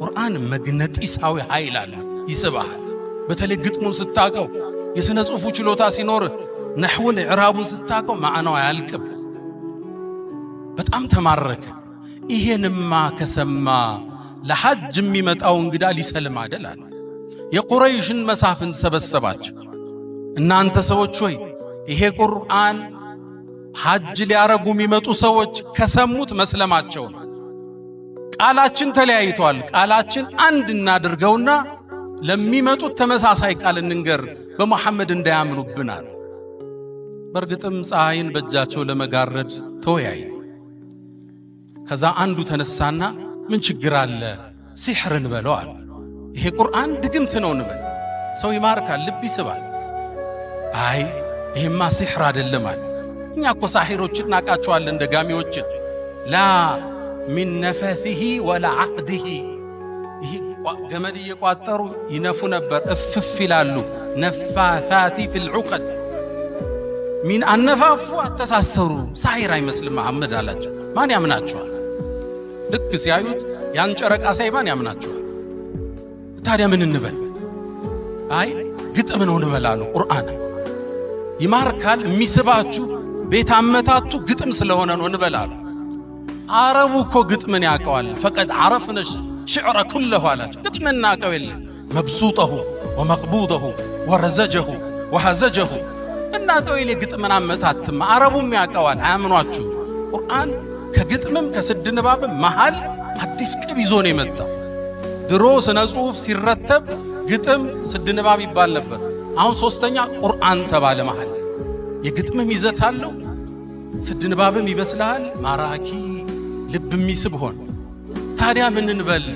ቁርአን መግነጢሳዊ ኃይል አለ፣ ይስባሃል። በተለይ ግጥሙን ስታቀው፣ የሥነ ጽሑፉ ችሎታ ሲኖር፣ ነሕውን ዕራቡን ስታቀው ማዕናው አያልቅም። በጣም ተማረከ። ይሄንማ ከሰማ ለሐጅ የሚመጣው እንግዳ ሊሰልም አደል አለ። የቁረይሽን መሳፍንት ሰበሰባቸው። እናንተ ሰዎች ሆይ ይሄ ቁርአን ሐጅ ሊያረጉ የሚመጡ ሰዎች ከሰሙት መስለማቸው ነው። ቃላችን ተለያይቷል። ቃላችን አንድ እናድርገውና ለሚመጡት ተመሳሳይ ቃል እንንገር፣ በመሐመድ እንዳያምኑብናል። በእርግጥም ፀሐይን በእጃቸው ለመጋረድ ተወያዩ። ከዛ አንዱ ተነሳና ምን ችግር አለ ሲሕር አለ። ይሄ ቁርአን ድግምት ነው እንበል። ሰው ይማርካል፣ ልብ ይስባል። አይ ይሄማ ሲሕር አይደለም አለ። እኛ እኮ ሳሒሮችን እናቃቸዋለን፣ ደጋሚዎችን ላ ሚን ነፈሲሂ ወላ ዓቅድሂ ገመድ እየቋጠሩ ይነፉ ነበር። እፍፍ ይላሉ። ነፋሳቲ ፊል ሚን አነፋፉ አተሳሰሩ ሳይር አይመስልም መሐመድ አላቸው። ማን ያምናችኋል? ልክ ሲያዩት ያን ጨረቃ ሳይ ማን ያምናችኋል? ታዲያ ምን እንበል? አይ ግጥም ነው እንበላሉ። ቁርአን ይማርካል። የሚስባችሁ ቤት አመታቱ ግጥም ስለሆነ ነው እንበላሉ። አረቡ እኮ ግጥምን ያውቀዋል። ፈቀድ አረፍነሽ ሽዕረ ኩለሁ አላቸው። ግጥም እናቀው የለ መብሱጠሁ ወመቅቡደሁ ወረዘጀሁ ወሐዘጀሁ እናቀው የለ ግጥምን አመታትም አረቡም ያውቀዋል። አያምኗችሁ ቁርአን ከግጥምም ከስድ ንባብም መሃል አዲስ ቅብ ይዞ ነው የመጣው። ድሮ ስነ ጽሑፍ ሲረተብ ግጥም ስድ ንባብ ይባል ነበር። አሁን ሶስተኛ ቁርአን ተባለ። መሃል የግጥምም ይዘት አለው ስድ ንባብም ይመስልሃል ማራኪ ልብ የሚስብ ሆን። ታዲያ ምን እንበል?